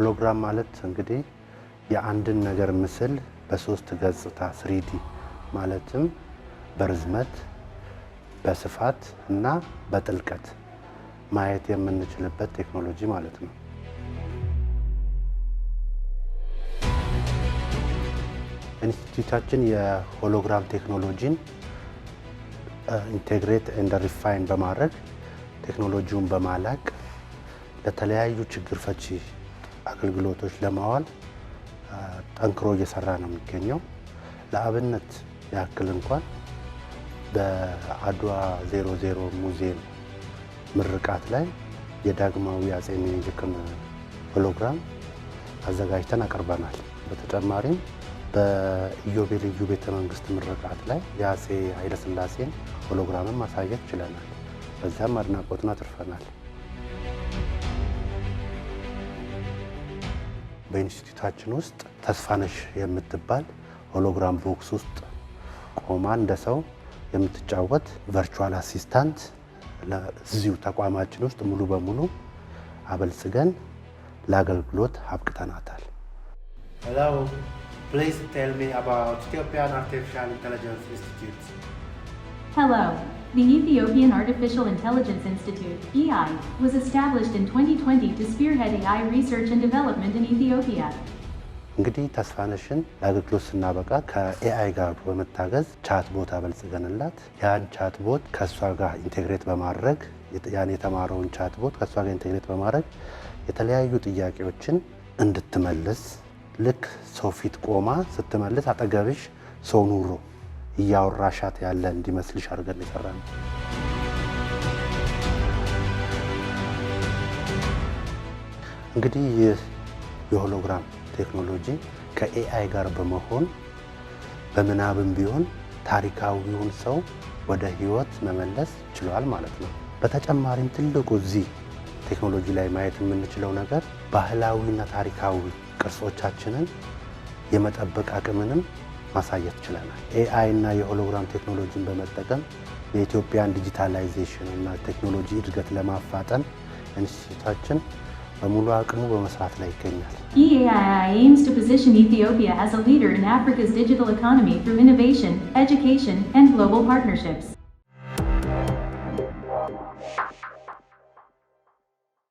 ሆሎግራም ማለት እንግዲህ የአንድን ነገር ምስል በሶስት ገጽታ ስሪዲ ማለትም በርዝመት፣ በስፋት እና በጥልቀት ማየት የምንችልበት ቴክኖሎጂ ማለት ነው። ኢንስቲትዩታችን የሆሎግራም ቴክኖሎጂን ኢንቴግሬት ኤንድ ሪፋይን በማድረግ ቴክኖሎጂውን በማላቅ ለተለያዩ ችግር ፈቺ አገልግሎቶች ለማዋል ጠንክሮ እየሰራ ነው የሚገኘው። ለአብነት ያክል እንኳን በአድዋ 00 ሙዚየም ምርቃት ላይ የዳግማዊ አፄ ምኒልክን ሆሎግራም አዘጋጅተን አቅርበናል። በተጨማሪም በኢዮቤልዩ ቤተ መንግስት ምርቃት ላይ የአፄ ኃይለስላሴን ሆሎግራምን ማሳየት ችለናል። በዚያም አድናቆትን አትርፈናል። በኢንስቲትዩታችን ውስጥ ተስፋነሽ የምትባል ሆሎግራም ቦክስ ውስጥ ቆማ እንደ ሰው የምትጫወት ቨርቹዋል አሲስታንት ለዚሁ ተቋማችን ውስጥ ሙሉ በሙሉ አበልጽገን ለአገልግሎት አብቅተናታል። ፕሊዝ ኢትዮጵያን አርቲፊሻል ኢንተለጀንስ ኢንስቲትዩት Hello. The Ethiopian Artificial Intelligence Institute EI, was established in 2020 to spearhead AI e research and development in Ethiopia. እንግዲህ ተስፋነሽን ለአገልግሎት ስናበቃ ከኤአይ ጋር በመታገዝ ቻት ቦት አበልጽገንላት ያን ቻት ቦት ከእሷ ጋር ኢንቴግሬት በማድረግ ያን የተማረውን ቻት ቦት ከእሷ ጋር ኢንቴግሬት በማድረግ የተለያዩ ጥያቄዎችን እንድትመልስ ልክ ሰው ፊት ቆማ ስትመልስ አጠገብሽ ሰው ኑሮ እያወራሻት ያለ እንዲመስልሽ አድርገን የሰራ ነው። እንግዲህ ይህ የሆሎግራም ቴክኖሎጂ ከኤአይ ጋር በመሆን በምናብም ቢሆን ታሪካዊውን ሰው ወደ ህይወት መመለስ ችሏል ማለት ነው። በተጨማሪም ትልቁ እዚህ ቴክኖሎጂ ላይ ማየት የምንችለው ነገር ባህላዊና ታሪካዊ ቅርሶቻችንን የመጠበቅ አቅምንም ማሳየት ችለናል። ኤአይ እና የሆሎግራም ቴክኖሎጂን በመጠቀም የኢትዮጵያን ዲጂታላይዜሽን እና ቴክኖሎጂ እድገት ለማፋጠን ኢንስቲትዩታችን በሙሉ አቅሙ በመስራት ላይ ይገኛል። ኢኤአይ ኢትዮጵያ ዲጂታል ኢኮኖሚ ኢኖቬሽን ኤዱኬሽን ግሎባል ፓርትነርሽፕስ